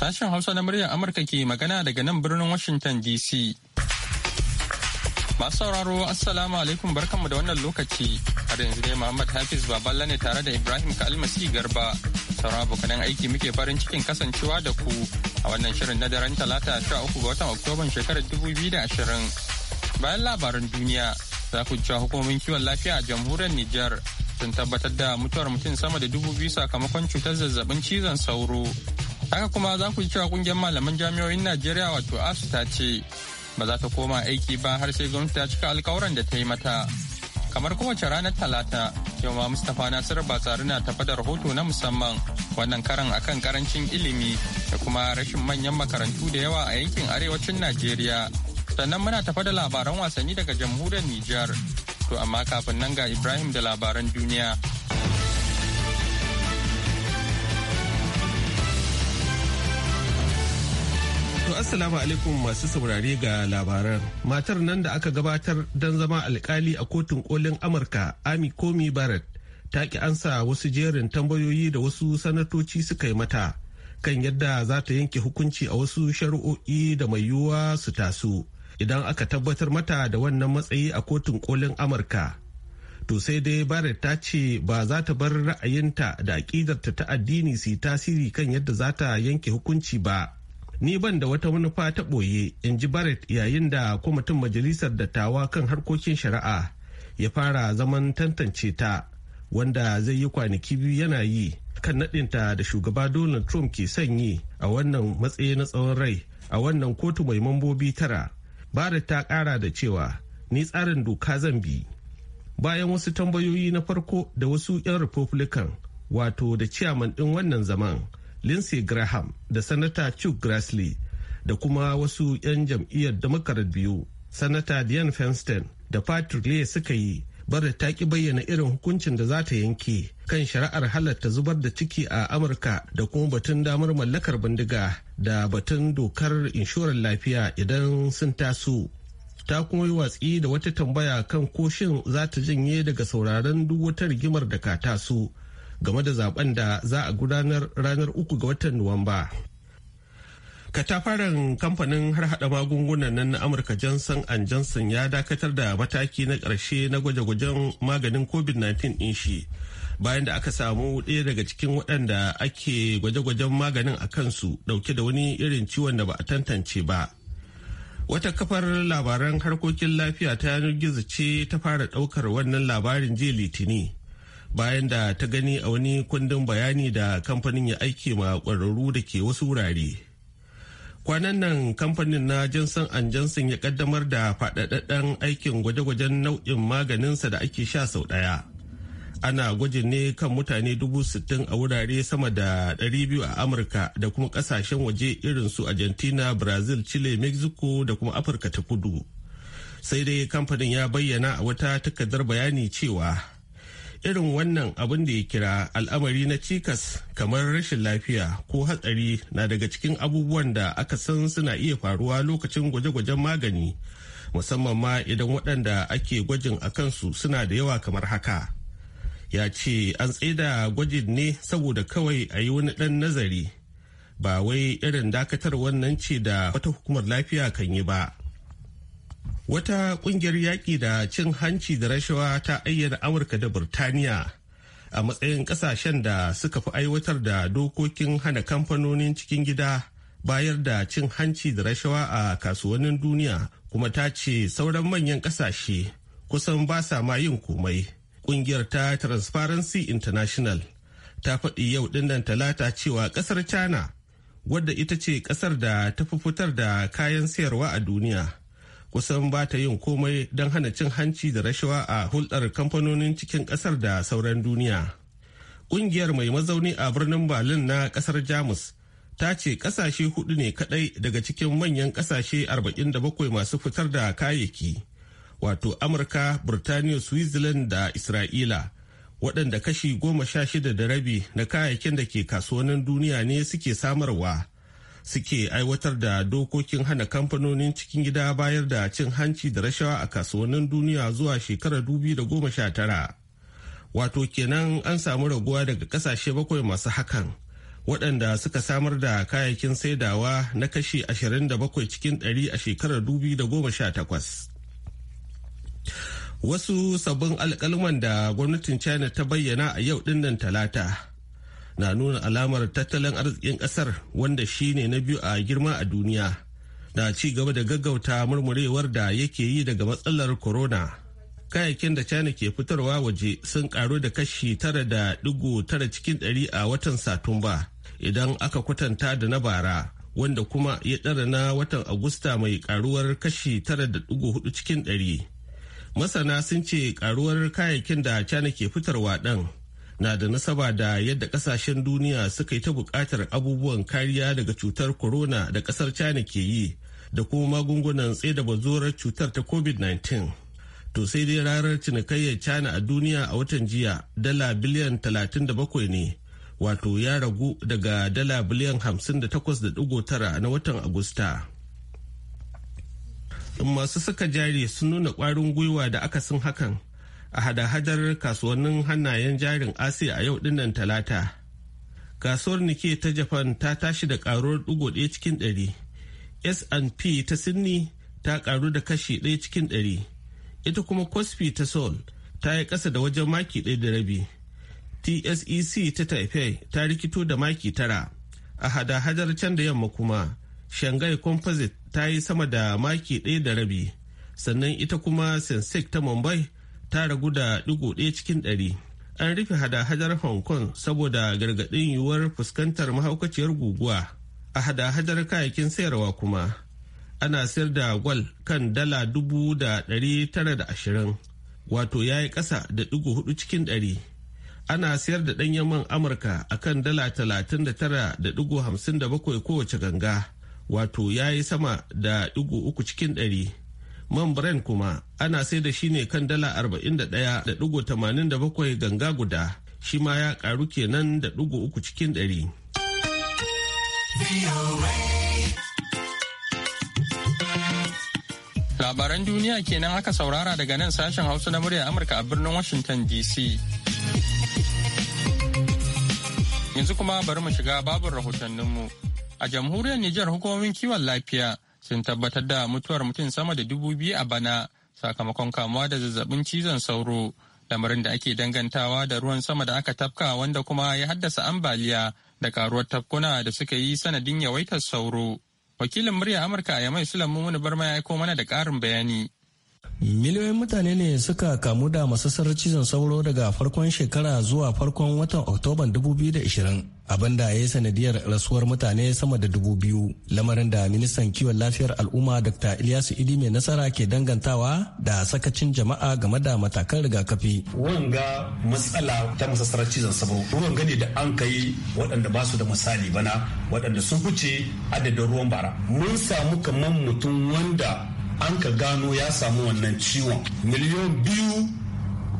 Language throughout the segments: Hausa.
Sashen Hausa na muryar Amurka ke magana daga nan birnin Washington DC. Masu sauraro Assalamu alaikum barkanmu da wannan lokaci. Har yanzu dai Muhammad Hafiz Baballa ne tare da Ibrahim Kalmasi Garba. Sauran abokanan aiki muke farin cikin kasancewa da ku a wannan shirin na daren talata sha uku ga watan Oktoban shekarar dubu biyu da ashirin. Bayan labaran duniya za ku cewa hukumomin kiwon lafiya a jamhuriyar Nijar sun tabbatar da mutuwar mutum sama da dubu biyu sakamakon cutar zazzabin cizon sauro. haka kuma za ku ji cewa kungiyar malaman jami'oyin najeriya wato asu ta ce ba za ta koma aiki ba har sai gwamnati ta cika alkawuran da ta yi mata kamar kowace ranar talata yau ma mustapha nasiru batsari na tafa da rahoto na musamman wannan karan akan karancin ilimi da kuma rashin manyan makarantu da yawa a yankin arewacin najeriya sannan muna tafa da labaran wasanni daga jamhuriyar nijar to amma kafin nan ga ibrahim da labaran duniya To Assalamu alaikum masu saurare ga labaran. Matar nan da aka gabatar don zama alkali a kotun kolin Amurka Ami Komi Barrett ta ki ansa wasu jerin tambayoyi da wasu sanatoci suka yi mata kan yadda za ta yanke hukunci a wasu shari'o'i da mai yiwuwa su taso idan aka tabbatar mata da wannan matsayi a kotun kolin Amurka. To sai dai Barrett ta ce ba za ta bar ra'ayinta da aƙidarta ta addini su tasiri kan yadda za ta yanke hukunci ba. ni ban da wata manufa ta ɓoye in ji barrett yayin da kwamitin majalisar dattawa kan harkokin shari'a ya fara zaman tantance ta wanda zai yi kwanaki biyu yana yi kan naɗinta da shugaba donald trump ke sanyi a wannan matsayi na tsawon rai a wannan kotu mai mambobi tara barrett ta kara da cewa ni tsarin doka zan bi bayan wasu tambayoyi na farko da wasu 'yan republican wato da ciyaman ɗin wannan zaman lindsey graham da sanata chuck grassley da kuma wasu 'yan jam'iyyar democrat biyu sanata diane feinstein da patrick lee suka yi bada ta ki bayyana irin hukuncin da za ta yanke kan shari'ar halatta zubar da ciki a amurka da kuma batun damar mallakar bindiga da batun dokar inshorar lafiya idan sun taso ta kuma yi watsi da wata tambaya kan koshin za ta janye daga sauraron duk wata rigimar da ka taso game da zaben da za a gudanar ranar uku ga watan nuwamba katafaren kamfanin har hada magungunan nan na amurka johnson and johnson ya dakatar da mataki na ƙarshe na gwaje-gwajen maganin covid-19 ɗin shi bayan da aka samu ɗaya daga cikin waɗanda ake gwaje-gwajen maganin a kansu ɗauke da wani irin ciwon da ba a tantance ba wata kafar labaran harkokin lafiya ta yanar gizo ce ta fara ɗaukar wannan labarin jiya litini bayan da ta gani a wani kundin bayani da kamfanin ya aike ma ƙwararru da ke wasu wurare. Kwanan nan kamfanin na Johnson Johnson ya kaddamar da faɗaɗaɗɗen aikin gwaje-gwajen nau'in maganinsa da ake sha sau ɗaya. Ana gwajin ne kan mutane dubu sittin a wurare sama da ɗari biyu a Amurka da kuma kasashen waje irin su Argentina, Brazil, Chile, Mexico da kuma Afirka ta kudu. Sai dai kamfanin ya bayyana a wata takardar bayani cewa irin wannan abin da ya kira al'amari na cikas kamar rashin lafiya ko hatsari na daga cikin abubuwan da aka san suna iya faruwa lokacin gwaje-gwajen magani musamman ma idan waɗanda ake gwajin a kansu suna da yawa kamar haka ya ce an tsaida gwajin ne saboda kawai a yi wani ɗan nazari ba wai irin dakatar wannan ce da wata hukumar lafiya kan yi ba wata kungiyar yaƙi da cin hanci da rashawa ta ayyana amurka da burtaniya a matsayin ƙasashen da suka fi aiwatar da dokokin hana kamfanonin cikin gida bayar da cin hanci da rashawa a kasuwannin duniya kuma ta ce sauran manyan ƙasashe kusan ba sa ma yin komai kungiyar ta transparency international ta faɗi yau dinnan talata cewa ƙasar china wadda ita ce ƙasar da ta fi fitar da kayan sayarwa a duniya kusan ba ta yin komai don hana cin hanci da rashawa a hulɗar kamfanonin cikin ƙasar da sauran duniya. Ƙungiyar mai mazauni a birnin Berlin na ƙasar Jamus ta ce ƙasashe hudu ne kaɗai daga cikin manyan ƙasashe 47 masu fitar da kayayyaki, wato Amurka, Birtaniya, Switzerland da Isra'ila, waɗanda kashi goma sha shida da rabi na kayayyakin da ke kasuwannin duniya ne suke samarwa. suke aiwatar da dokokin hana kamfanonin cikin gida bayar da cin hanci da rashawa a kasuwannin duniya zuwa shekarar 2019 wato kenan an samu raguwa daga kasashe bakwai masu hakan waɗanda suka samar da kayayyakin saidawa na kashi bakwai cikin 100 a shekarar sha 2018 wasu sabbin alkalman da gwamnatin china ta bayyana a yau dinnan talata na nuna alamar tattalin arzikin kasar wanda shine na biyu a girma a duniya na ci gaba da gaggauta murmurewar da yake yi daga matsalar corona kayayyakin da china ke fitarwa waje sun karu da kashi tara da digo tara cikin dari a watan satumba idan aka kwatanta da na bara wanda kuma ya ɗara na watan agusta mai karuwar kashi tara da digo hudu cikin dari. masana sun ce karuwar kayayyakin da china ke fitarwa ɗan na da nasaba da yadda kasashen duniya suka yi ta buƙatar abubuwan kariya daga cutar corona da ƙasar china ke yi da kuma magungunan da bazorar cutar ta covid-19 to sai dai ranar cinikayyar china a duniya a watan jiya dala biliyan 37 ne wato ya ragu daga dala biliyan 58.9 na watan agusta masu suka jari sun nuna kwarin gwiwa da aka akasin hakan a hada-hadar kasuwannin hannayen jarin asiya a yau dinnan talata kasuwar nike ta japan ta tashi da karuwar ɗugo ɗaya cikin ɗari S&P ta Sydney ta karu da kashi ɗaya cikin ɗari. Ita kuma Kospi ta sol ta yi ƙasa da wajen maki ɗaya da rabi. TSEC ta Taipei ta rikito da maki tara. A hada-hadar can da yamma kuma, shangai Composite ta yi sama da maki ɗaya da rabi. Sannan ita kuma sensek ta Mumbai ta ragu da digo ɗaya cikin ɗari. An rufe hada-hadar Hong Kong saboda gargaɗin yiwuwar fuskantar mahaukaciyar guguwa. A hada-hadar kayayyakin sayarwa kuma ana sayar da gwal kan dala dubu da ɗari tara da ashirin wato ya yi ƙasa da digo hudu cikin ɗari. Ana sayar da ɗanyen man Amurka a kan dala talatin da tara da digo hamsin da bakwai kowace ganga wato ya yi sama da digo uku cikin ɗari. man brand kuma ana sai da shi ne kan dala 41.87 ganga guda shi ma ya karu kenan da ɗigo uku cikin ɗari. Labaran duniya kenan aka saurara daga nan sashen Hausa na murya Amurka a birnin Washington DC. Yanzu kuma bari mu shiga babin rahotanninmu. A jamhuriyar Nijar hukumomin kiwon lafiya sun tabbatar da mutuwar mutum sama da dubu biyu a bana sakamakon kamuwa da zazzabin cizon sauro lamarin da ake dangantawa da ruwan sama da aka tafka wanda kuma ya haddasa ambaliya da karuwar tafkuna da suka yi sanadin yawaitar sauro wakilin murya amurka a yamai sulan mummuni barma ya aiko mana da ƙarin bayani Miliyoyin mutane ne suka kamu da masassar cizon sauro daga farkon shekara zuwa farkon watan Oktoban 2020, abinda ya yi sanadiyar rasuwar mutane sama da dubu biyu, lamarin da ministan kiwon lafiyar al'umma Dr. Ilyasu Idi mai nasara ke dangantawa da sakacin jama'a game da matakan rigakafi. Wanga matsala ta masassarar cizon sauro, ruwan gani da an kai waɗanda ba su da misali bana, waɗanda sun wuce adadin ruwan bara. Mun samu kamar mutum wanda an ka gano ya samu wannan ciwon miliyan biyu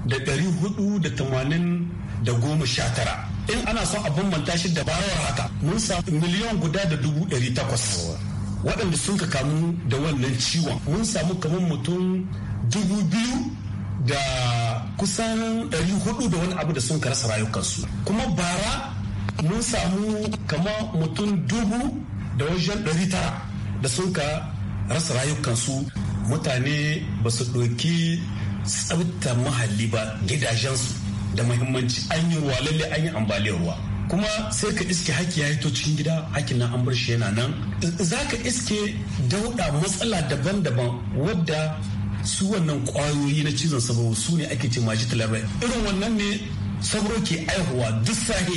da ɗari hudu da tamanin da goma sha tara in ana son a manta shi da barawar haka mun samu miliyan guda da dubu ɗari takwas waɗanda sun ka kamu da wannan ciwon mun samu kamar mutum dubu biyu da kusan ɗari hudu da wani abu da sun rasa rayukansu kuma bara mun samu kamar mutum dubu da wajen ɗari tara da sun ka rasa rayukansu mutane ba su ɗauki tsabta muhalli ba gidajensu da muhimmanci an yi ruwa lalle an yi ambaliyar ruwa kuma sai ka iske haki ya hito cikin gida haki na an bar shi yana nan za ka iske dauɗa matsala daban-daban wadda su wannan kwayoyi na cizon sabo su ne ake ce maji irin wannan ne sabro ke aihuwa duk sahe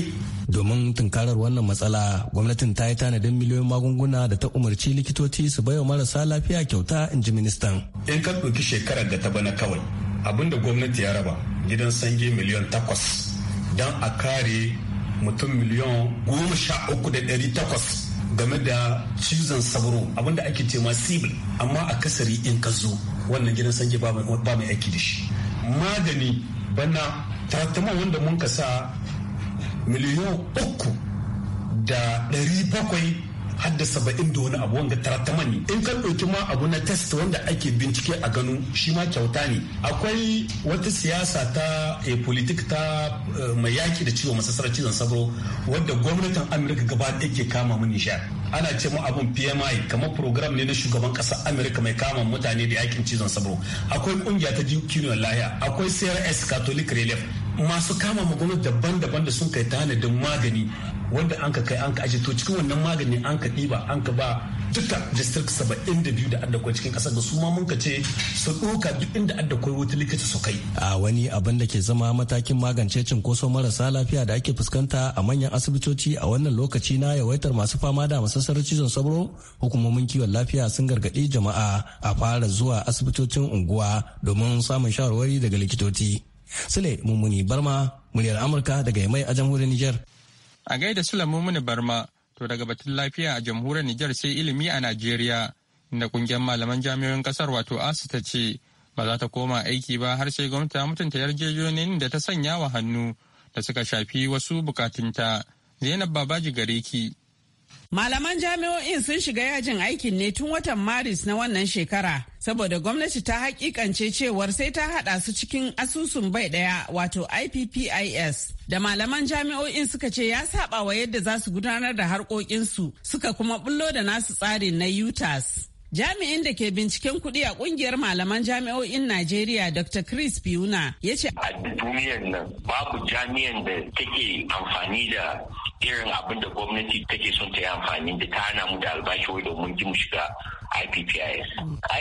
domin tunkarar wannan matsala gwamnatin ta yi tanadin miliyoyin magunguna da ta umarci likitoci su bai wa marasa lafiya kyauta in ji ministan in ka ɗauki shekarar da ta bana kawai abinda gwamnati ya raba gidan sange miliyan takwas don a kare mutum miliyan goma sha uku da ɗari takwas game da cizon sauro abinda ake ce sibil amma a kasari in ka zo wannan gidan sange ba mai aiki da shi magani bana tarattama wanda mun ka sa miliyan uku da ɗari bakwai har da saba'in da wani abu wanda taratama ne in ka ɗauki ma abu na test wanda ake bincike a gano shi ma kyauta ne akwai wata siyasa ta e, politik ta mai yaƙi da ciwo masasar cizon sabro wadda gwamnatin amurka gaba ɗaya ke kama mu nishar ana ce mu abun PMI kamar program ne na shugaban ƙasar Amurka mai kama mutane da yakin cizon sabro akwai ƙungiya ta jikin Lahiya akwai CRS Catholic Relief masu kama ma daban-daban da sun kai tanadin magani wanda an ka kai an ka aje to cikin wannan magani an ka ɗiba an ka ba duka district saba'in da biyu da addakwai cikin ƙasar da su ma mun ka ce su ɗoka duk inda addakwai wata likita su kai. a wani abin da ke zama matakin magance cinkoso marasa lafiya da ake fuskanta a manyan asibitoci a wannan lokaci na yawaitar masu fama da masassar cizon sauro hukumomin kiwon lafiya sun gargaɗi jama'a a fara zuwa asibitocin unguwa domin samun shawarwari daga likitoci. Sule Mummuni Barma, muryar Amurka daga Yamai a jamhuriyar Nijar. A gaida Sule Mummuni Barma, to daga batun lafiya a jamhuriyar Nijar sai ilimi a Najeriya, inda kungiyar malaman jami'oyin kasar wato ASU ta ce ba za ta koma aiki ba har sai gwamnati ta mutunta yarjejeniyoyin da ta sanya wa hannu da suka shafi wasu bukatunta. Zainab Babaji Gareki. Malaman jami'o'in sun shiga yajin aikin ne tun watan Maris na wannan shekara. Saboda gwamnati ta hakikance cewar sai ta haɗa su cikin asusun bai ɗaya wato IPPIS. Da malaman jami'o'in suka ce ya saɓa wa yadda za su gudanar da harkokinsu suka kuma bullo da nasu tsarin na UTAS. Jami'in da ke binciken kuɗi a ƙungiyar malaman jami'o'in Najeriya Dr. Chris Biuna ya ce. A duniyar nan babu jami'an da take amfani da irin abin da gwamnati take son ta yi amfani da ta hana mu da albashi wai domin ji mu shiga IPPIS.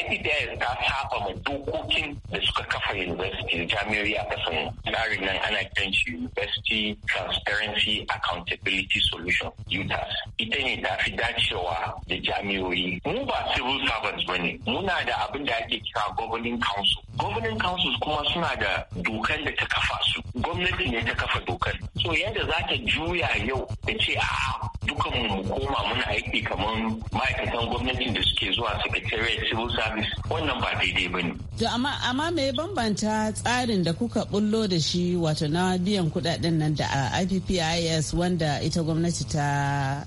IPPIS ta saba ma dokokin da suka kafa university jami'o'i a kasan tsarin nan ana kiran shi University Transparency Accountability Solution UTAS. Ita ne ta fi dacewa da jami'o'i. Mu ba civil servants ba ne, muna da abin da ake kira governing council. Governing councils kuma suna da dokan da ta kafa su. Gwamnati ne ta kafa dokan. So yadda za ta juya yau da ce a dukan mu koma muna aiki kamar ma'aikatan gwamnatin da suke zuwa zuwa secretariat civil service wannan ba daidai ba ne. To amma amma me bambanta tsarin da kuka bullo da shi wato na biyan kudaden nan da uh, IPPIS wanda ita gwamnati ta.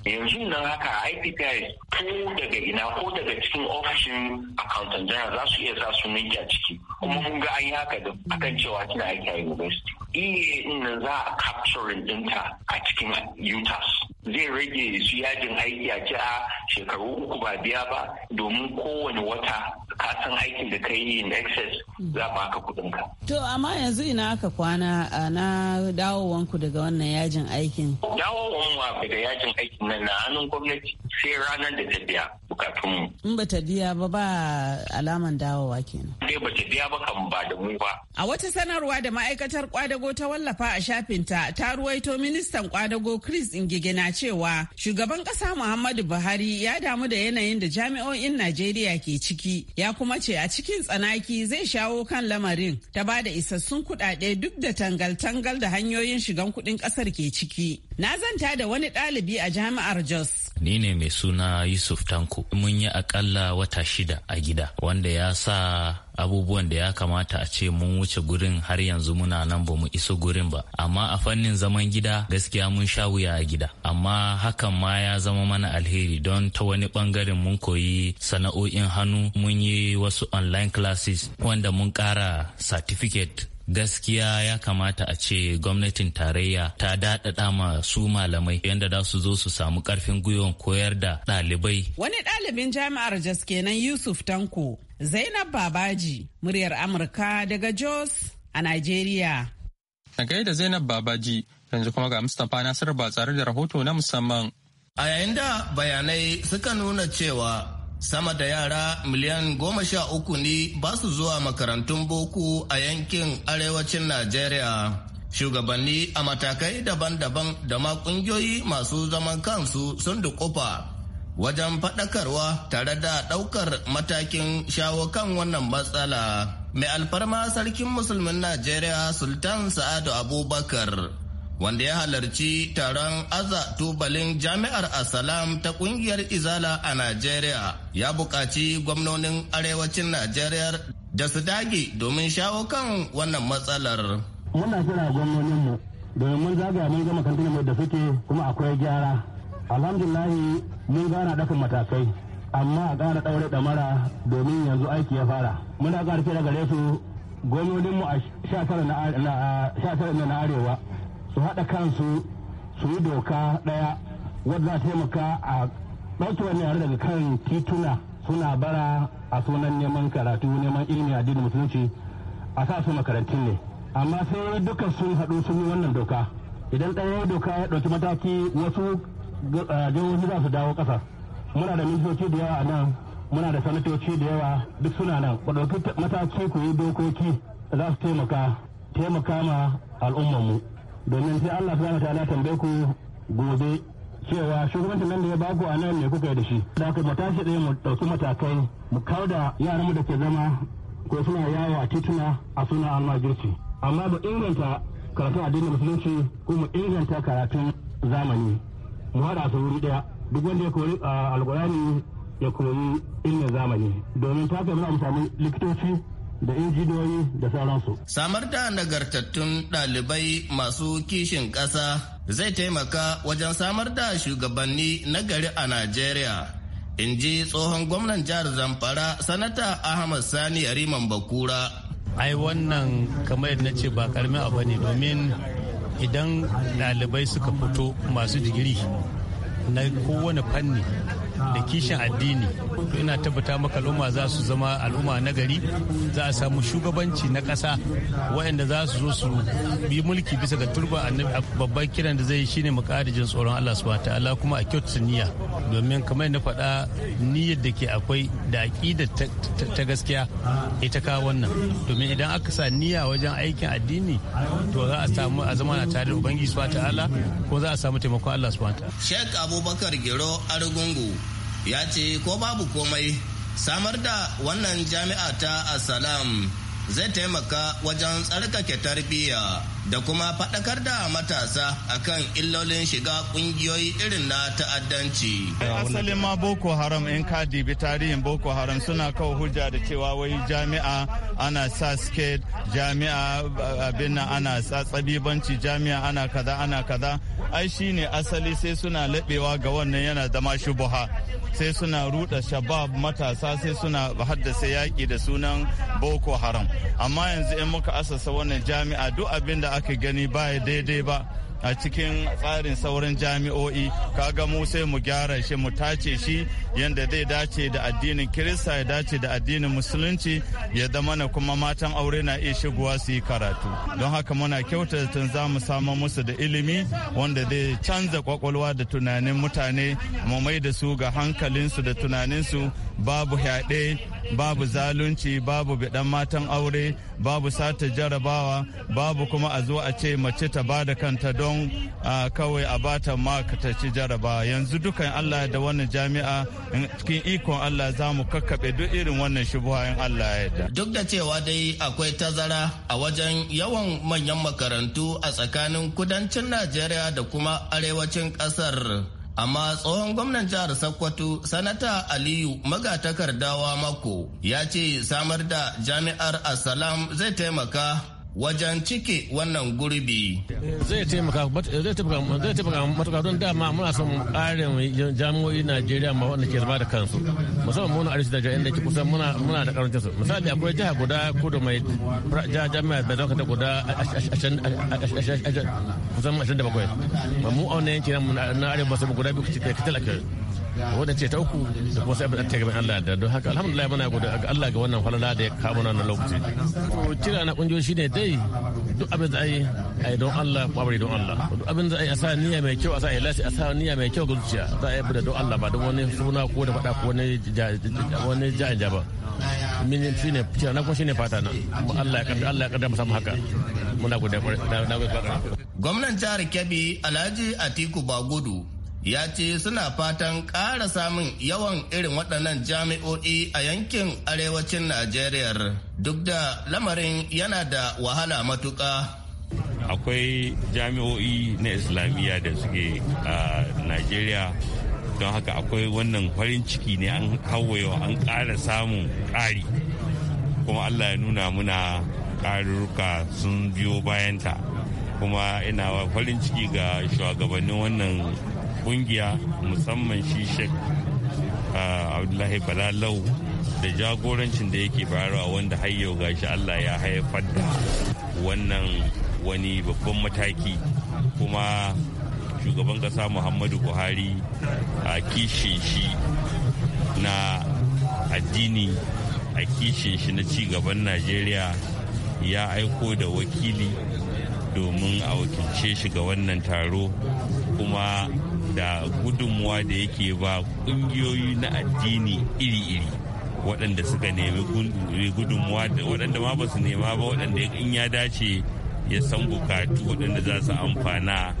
Yanzu nan haka IPPIS ko daga ina ko daga cikin ofishin accountant general za su iya sa su ninki a ciki kuma mun ga an yi haka da akan cewa tana aiki a university. Iye ina za a capturing dinta a cikin UTAS. zai rage su yajin aiki a jiha shekaru uku ba biya ba domin kowane wata ka san aikin da ka yi in excess za ba ka kudin ka. To amma yanzu ina aka kwana na dawowanku daga wannan yajin aikin. Dawowan daga yajin aikin nan na hannun gwamnati sai ranar da ta biya bukatunmu. In ba ta biya ba ba alaman dawowa kenan. Dai ba ta biya ba kan ba da mu ba. A wata sanarwa da ma'aikatar kwadago ta wallafa a shafinta ta ruwaito ministan kwadago Chris Ingigena cewa shugaban kasa Muhammadu Buhari ya damu da yanayin da jami'o'in Najeriya ke ciki ya kuma ce a cikin tsanaki zai shawo kan lamarin ta ba da isassun kuɗaɗe duk da tangal-tangal da hanyoyin shigan kuɗin ƙasar ke ciki. Na zanta da wani ɗalibi a jami'ar Jos Ni ne mai suna Yusuf Tanko. Mun yi akalla wata shida a gida wanda ya sa abubuwan da ya kamata a ce mun wuce gurin har yanzu muna nan ba mu iso gurin ba amma a fannin zaman gida gaskiya mun sha wuya a gida amma hakan ma ya zama mana alheri don ta wani bangaren mun koyi sana'o'in hannu mun yi wasu online classes wanda mun kara certificate gaskiya ya kamata a ce gwamnatin tarayya ta daɗaɗa ma su malamai yadda za su zo su samu ƙarfin gwiwan koyar da ɗalibai. Wani ɗalibin jami'ar Jos kenan Yusuf Tanko, Zainab Babaji, muryar Amurka daga Jos a Najeriya. A gaida Zainab Babaji, yanzu kuma ga Mustapha Nasiru ba tsare da rahoto na musamman. A yayin da bayanai suka nuna cewa sama da yara miliyan goma sha uku ne ba su zuwa makarantun boko a yankin arewacin najeriya shugabanni a matakai daban-daban da ma kungiyoyi masu zaman kansu sun dukufa wajen faɗakarwa tare da ɗaukar matakin shawo kan wannan matsala mai alfarma sarkin musulmin najeriya sultan sa'adu abubakar wanda ya halarci taron aza tubalin jami'ar asalam ta kungiyar izala a najeriya ya bukaci gwamnonin arewacin najeriya da su dage domin shawo kan wannan matsalar muna kira gwamnoninmu domin mun zagaya mun gama kantin da suke kuma akwai gyara alhamdulahi mun gana dafa matakai amma a ƙara ɗaure ɗamara domin yanzu aiki ya fara muna ƙara kira gare su gwamnoninmu a sha na arewa su haɗa kansu su yi doka ɗaya wadda za taimaka a ɗauki wani yare daga kan tituna suna bara a sunan neman karatu neman ilimi a addinin musulunci a sa su makarantun ne amma sai dukkan sun haɗu sun yi wannan doka idan ɗaya doka ya ɗauki mataki wasu jihohi za su dawo ƙasa muna da ministoci da yawa a nan muna da sanatoci da yawa duk suna nan ku ɗauki mataki ku yi dokoki za su taimaka taimaka ma al'ummarmu domin sai Allah subhanahu wataala tambaye ku gobe cewa shugabancin nan da ya baku a nan ne kuka yi da shi da haka tashi ɗaya mu ɗauki matakai mu kau da yaran yaranmu da ke zama ko suna yawo a tituna a suna almajirci amma mu inganta karatun addinin musulunci ko mu inganta karatun zamani mu haɗa su wuri ɗaya duk wanda ya koyi ah, alkurani ya koyi ilimin zamani domin ta kai muna mu samu likitoci da injiniyoyi da sauransu. Samar da nagartattun ɗalibai masu kishin ƙasa zai taimaka wajen samar da shugabanni na gari a Najeriya. In ji tsohon gwamnan jihar Zamfara, Sanata Ahmad Sani Yariman Bakura. Ai wannan kamar yadda ce ba karamin abu ne domin idan ɗalibai suka fito masu digiri na kowane fanni da kishin addini to ina tabbata maka al'umma za su zama al'umma na gari za a samu shugabanci na ƙasa waɗanda za su zo su bi mulki bisa ga turba babban kiran da zai shine mu ƙara jin tsoron Allah subhanahu ta'ala kuma a kyautu niyya domin kamar na faɗa niyyar da ke akwai da aqida ta gaskiya ita kawo wannan domin idan aka sa niyya wajen aikin addini to za a samu a zama na tare da ubangiji subhanahu ta'ala ko za a samu taimakon Allah subhanahu ta'ala Sheikh Abubakar giro Argungu ya ce ko babu komai samar da wannan jami'a ta asalam zai taimaka wajen tsarkake tarbiyya da kuma faɗakar da matasa akan illolin shiga ƙungiyoyi irin na ta'addanci. Eh, asalin ma boko haram in ka dibi tarihin boko haram suna kawo hujja da cewa wai jami'a ana sa skate jami'a abin ana sa tsabibanci jami'a ana kaza ana kaza ai shine asali sai suna laɓewa ga wannan yana zama shubuha sai suna ruɗa shabab matasa sai suna haddasa yaƙi da sunan boko haram amma yanzu in muka asasa wannan jami'a duk abin da aka gani ba ya daidai ba a cikin tsarin sauran jami'o'i kaga mu sai mu gyara shi mu tace shi yadda zai dace da addinin kirista ya dace da addinin musulunci ya zama na kuma matan aure na iya shigowa su yi karatu don haka muna kyauta tun za mu samu musu da ilimi wanda zai canza kwakwalwa da tunanin mutane mu mai da su ga hankalinsu da tunaninsu babu yaɗe babu zalunci babu bidan matan aure babu sata jarabawa babu kuma a zo a ce mace ta ba da kanta don kawai a bata ma ta ci jarabawa yanzu dukan allah da wannan jami'a cikin ikon allah za mu kakkaɓe duk irin wannan shubuha in allah ya yarda duk da cewa dai akwai tazara a wajen yawan manyan makarantu a tsakanin kudancin najeriya da kuma arewacin ƙasar amma tsohon gwamnan jihar Sokoto sanata Aliyu magatakardawa mako ya ce samar da jami'ar Asalam zai taimaka wajen cike wannan gurbi. Zai taimaka matuƙa don dama muna son ƙarin jami'o'i Najeriya ma wanda ke zama da kansu. Musamman muna arziki da jami'an da ke kusan muna da karancin su. Misali akwai jiha guda kudu mai jami'a da zaka ta guda kusan ashirin da bakwai. Mu a wannan yanki na arewa su guda biyu kuce kai talaka. wanda ce ta uku da kuma sai ta gaban Allah da don haka alhamdulillah muna gode ga Allah ga wannan falala da ya kawo mana lokaci to kira na kungiyoyi shine dai duk abin da ai ai don Allah kwabari don Allah duk abin da ai asa niyya mai kyau asa ilasi asa niyya mai kyau ga zuciya za a yi da don Allah ba don wani suna ko da fada ko wani wani ja ba min shine kira na kuma shine fata na Allah ya kada Allah ya kada mu samu haka muna gode na gode gwamnan jihar Kebbi Alhaji Atiku Bagudu ya ce suna fatan ƙara samun yawan irin waɗannan jami'o'i a yankin arewacin Najeriya duk da lamarin yana da wahala matuƙa. akwai jami'o'i na islamiyya da suke a najeriya don haka akwai wannan farin ciki ne an kawayewa an ƙara samun ƙari kuma allah ya nuna muna ƙarurruka sun biyo bayanta kuma ina farin ciki ga shugabannin wannan kungiya musamman shi shek ah, abdullahi balalau da jagorancin da yake bayarwa wanda har yau gashi allah ya haifar da wannan wani babban mataki kuma shugaban kasa muhammadu buhari a kishin shi na addini a kishin shi na cigaban najeriya ya aiko da wakili domin a wakilce shi ga wannan taro kuma da gudunmuwa da yake ba ƙungiyoyi na addini iri-iri waɗanda suka nemi gudunmuwa da waɗanda ma ba su nema ba waɗanda in ya dace ya san bukatu waɗanda za su amfana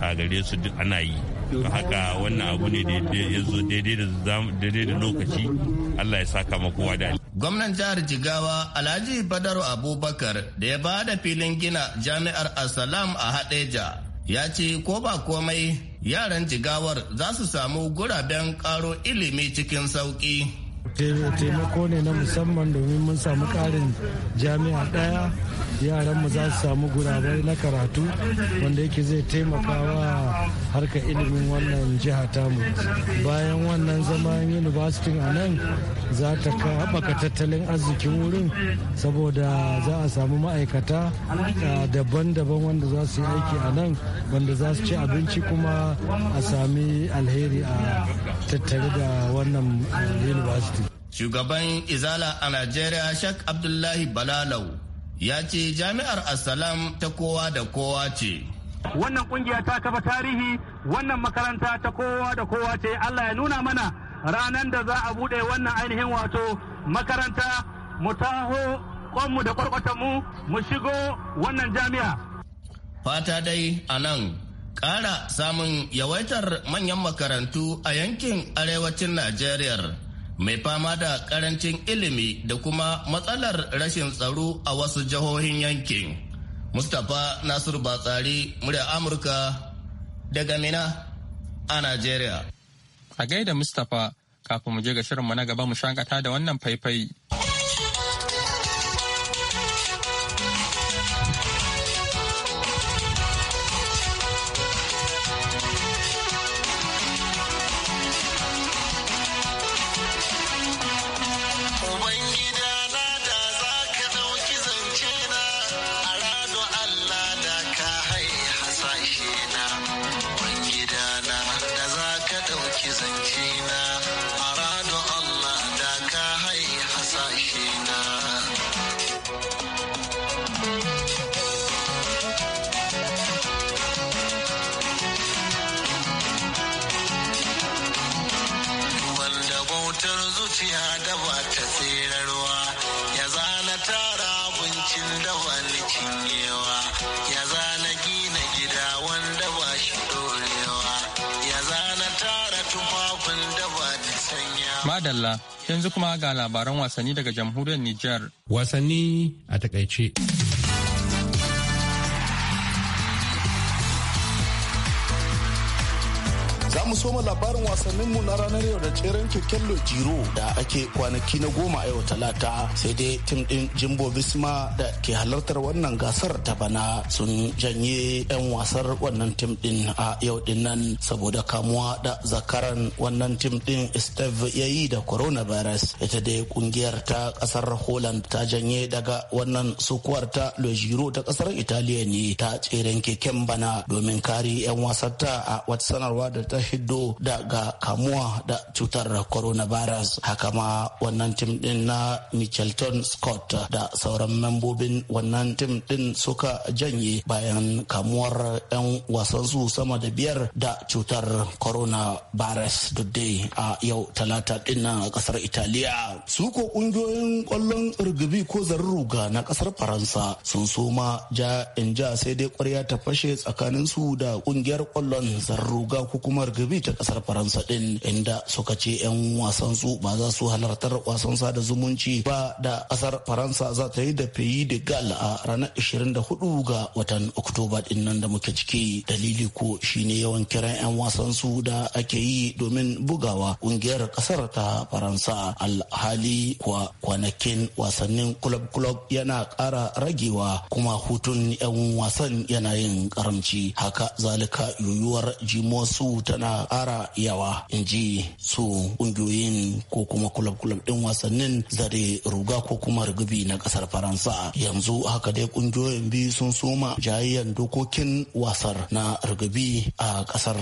a gare su duk ana yi to haka wannan abu ne da ya zo daidai da lokaci allah ya saka kowa da gwamnan jihar jigawa alhaji badaru abubakar da ya ba da filin gina jami'ar asalam a hadeja ya ce ko ba komai yaran jigawar za su samu guraben karo ilimi cikin sauƙi. taimako ne na musamman domin mun samu karin jami'a ɗaya yaran mu za su samu gurabai na karatu wanda yake zai taimaka wa harkar ilimin wannan jiha tamu bayan wannan zaman university a nan za ta haɓaka tattalin arzikin wurin saboda za a samu ma'aikata daban-daban wanda za su yi aiki a nan wanda za su ci abinci kuma a sami alheri a tattare da wannan university Shugaban Izala a Najeriya Shak Abdullahi Balalau ya ce jami'ar Assalam ta kowa da kowa ce. Wannan kungiya ta kafa tarihi wannan makaranta ta kowa da kowa ce Allah ya nuna mana ranar da za a buɗe wannan ainihin wato makaranta mu taho kwanmu da mu, mu shigo wannan jami'a. Fata dai a nan ƙara samun yawaitar manyan makarantu a yankin arewacin Najeriya. mai fama da karancin ilimi da kuma matsalar rashin tsaro a wasu jihohin yankin. Mustapha Nasir Batsari, murya Amurka daga Mina a Najeriya. A gaida Mustapha kafin mu je ga shirinmu na gaba mu shakata da wannan faifai. Yanzu kuma ga labaran wasanni daga jamhuriyar Nijar. Wasanni a takaice. mu soma labarin mu na ranar yau da tseren keken Jiro da ake kwanaki na goma a yau talata sai dai tim din Jimbo Visma da ke halartar wannan gasar ta bana sun janye 'yan wasar wannan tim din a yau din nan saboda kamuwa da zakaran wannan tim din Steve ya yi da coronavirus ita dai kungiyar ta kasar holand ta janye daga wannan sukuwar ta Lojiro ta kasar Italiya ne ta tseren keken bana domin kari 'yan wasar ta a wata sanarwa da ta hiddo daga kamuwa da cutar coronavirus haka ma wannan tim din na michelton scott da sauran membobin wannan tim din suka janye bayan kamuwar 'yan wasansu sama da biyar da cutar coronavirus dai a yau talata din nan a kasar italiya su ko kungiyoyin kwallon rugby ko zarruga na kasar faransa sun soma ja in ja sai dai kwarya ta fashe tsakanin su da kungiyar kwallon zarruga ko kuma rugby bi ta kasar faransa din inda suka ce 'yan wasan su ba za su halartar wasan sada zumunci ba da kasar faransa za ta yi da fayi da gal a ranar 24 ga watan oktoba din nan da muke ciki dalili ko shine yawan kiran 'yan wasan su da ake yi domin bugawa kungiyar kasar ta faransa alhali kwa kwanakin wasannin kulob club yana kara ragewa kuma hutun 'yan wasan yana yin karamci haka zalika yuyuwar jimosu tana kara yawa in ji su ƙungiyoyin ko kuma kulab-kulab din wasannin zare ruga ko kuma rugubi na ƙasar faransa yanzu haka dai ƙungiyoyin biyu sun soma jayayyan dokokin wasar na rugubi a ƙasar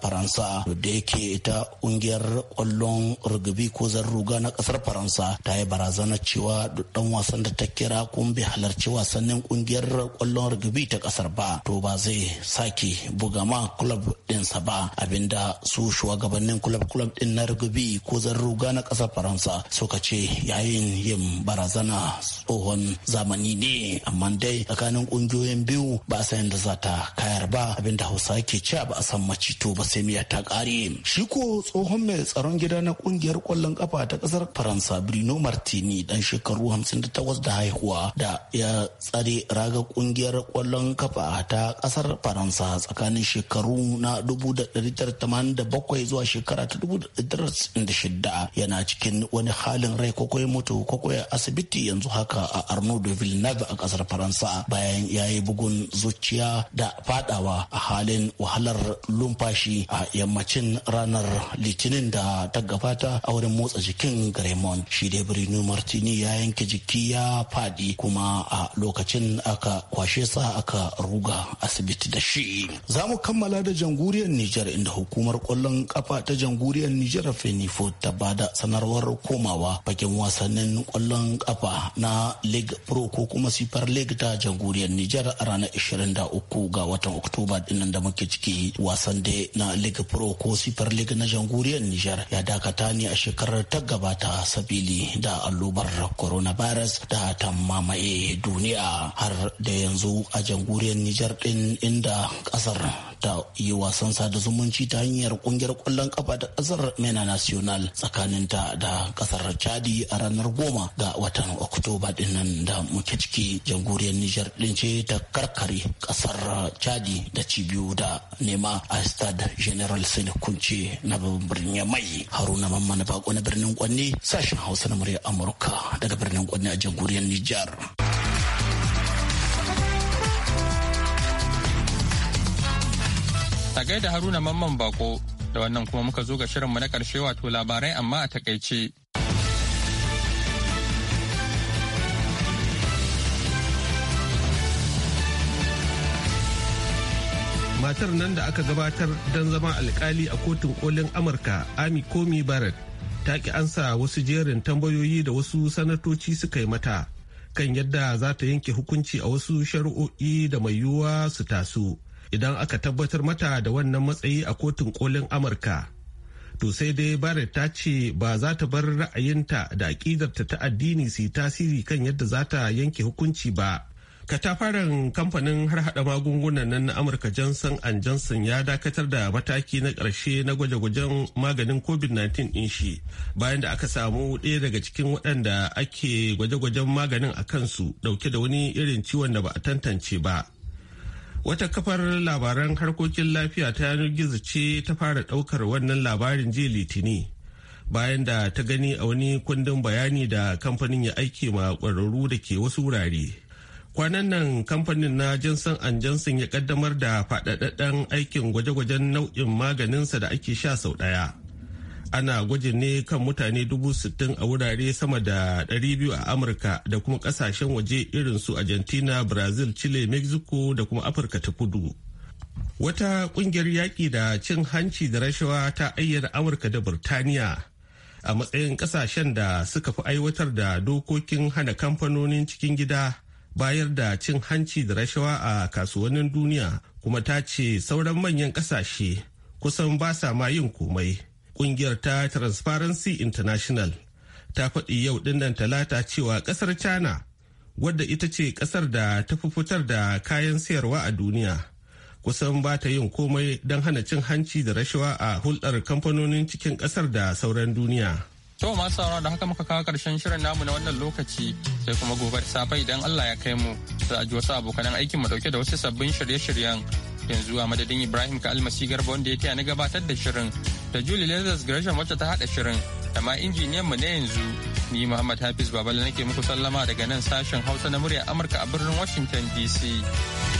faransa da yake ita ƙungiyar ƙwallon rugubi ko zar ruga na ƙasar faransa ta yi barazanar cewa ɗan wasan da ta kira kun bai halarci wasannin ƙungiyar ƙwallon rugubi ta ƙasar ba to ba zai sake buga ma kulab ɗinsa ba abinda da su shugabannin kulab-kulab din na rugby ko zarruga na kasar faransa suka ce yayin yin barazana tsohon zamani ne amma dai tsakanin ƙungiyoyin biyu ba a san yadda za ta kayar ba abinda hausa ke cewa ba a san macito ba sai miya ta ƙare shi ko tsohon mai tsaron gida na ƙungiyar kwallon kafa ta ƙasar faransa bruno martini dan shekaru 58 da haihuwa da ya tsare raga ƙungiyar kwallon kafa ta ƙasar faransa tsakanin shekaru na 1980 1987 zuwa shekara ta 1996 yana cikin wani halin rai ko ya mutu ko ya asibiti yanzu haka a Arnaud de Villeneuve a kasar Faransa bayan ya yi bugun zuciya da fadawa a halin wahalar lumfashi a yammacin ranar litinin da ta gabata a wurin motsa jikin Gremon. Shi dai Bruno Martini ya yanke jiki ya fadi kuma a lokacin aka kwashe sa aka ruga asibiti da shi. Za mu kammala da janguriyar Nijar inda hukumar kwallon kafa ta jamhuriyar Nijar Fenifo ta bada sanarwar komawa bakin wasannin kwallon kafa na League Pro ko kuma Super League ta jamhuriyar Nijar a ranar 23 ga watan Oktoba dinnan da muke ciki wasan da na League Pro ko Super League na jamhuriyar Nijar ya dakata ne a shekarar ta gabata sabili da allobar coronavirus da ta mamaye duniya har da yanzu a jamhuriyar Nijar din inda kasar ta yi wasan sada zumunci ta hanyar kungiyar kwallon kafa da kasar mena national tsakaninta da kasar chadi a ranar goma ga watan oktoba dinnan da muke ciki jamhuriyar nijar din ce ta karkare kasar chadi da cibiyu da nema a stade general sani kunce na birnin mai haruna mamman bako na birnin kwanne sashen hausa na murya amurka daga birnin kwanne a jamhuriyar nijar A gaida Haruna Mamman Bako da wannan kuma muka zo ga shirinmu na karshe wato labarai amma a takaice. matar nan da aka gabatar don zama alkali a kotun kolin amurka ami komi barrett ta ki ansa wasu jerin tambayoyi da wasu sanatoci suka yi mata kan yadda za ta yanke hukunci a wasu shari'o'i da mai yiwuwa su taso idan aka tabbatar mata da wannan matsayi a kotun kolin amurka to sai dai barrett ta ce ba za ta bar ra'ayinta da aƙidarta ta addini su tasiri kan yadda za ta yanke hukunci ba katafaren kamfanin har hada magungunan nan na amurka johnson and johnson ya dakatar da mataki na ƙarshe na gwaje-gwajen maganin covid-19 din shi bayan da aka samu ɗaya daga cikin waɗanda ake gwaje-gwajen maganin a kansu ɗauke da wani irin ciwon da ba a tantance ba Wata kafar labaran harkokin lafiya ta yanar gizo ce ta fara ɗaukar wannan labarin jiya litini bayan da ta gani a wani kundin bayani da kamfanin ya aiki ma ƙwararru da ke wasu wurare. Kwanan nan kamfanin na Johnson and Johnson ya kaddamar da faɗaɗaɗɗen aikin gwaje-gwajen nau'in maganinsa da ake sha sau ɗaya. ana gwajin ne kan mutane dubu sittin a wurare sama da ɗari biyu a amurka da kuma ƙasashen waje irin su argentina brazil chile mexico da kuma afirka ta kudu wata ƙungiyar yaƙi da cin hanci da rashawa ta ayyana amurka da burtaniya a matsayin ƙasashen da suka fi aiwatar da dokokin hana kamfanonin cikin gida bayar da cin hanci da rashawa a kasuwannin duniya kuma ta ce sauran manyan ƙasashe kusan ba sa ma yin komai Kungiyar ta Transparency International ta faɗi yau dinnan talata cewa kasar China wadda ita ce kasar da ta fi fitar da kayan sayarwa a duniya. Kusan ba ta yin komai don hana cin hanci da rashawa a hulɗar kamfanonin cikin ƙasar da sauran duniya. To masu sauraro da haka muka kawo karshen shirin namu na wannan lokaci sai kuma gobe da safe idan Allah ya kai mu za a ji wasu abokanan aikin mu dauke da wasu sabbin shirye-shiryen yanzu a madadin ibrahim ka almasi garba wanda ya taya na gabatar da shirin da julie leathers gresham wacce ta haɗa shirin da ma injiniyan mu na yanzu ni muhammad hafiz babala nake muku sallama daga nan sashen hausa na murya amurka a birnin washington dc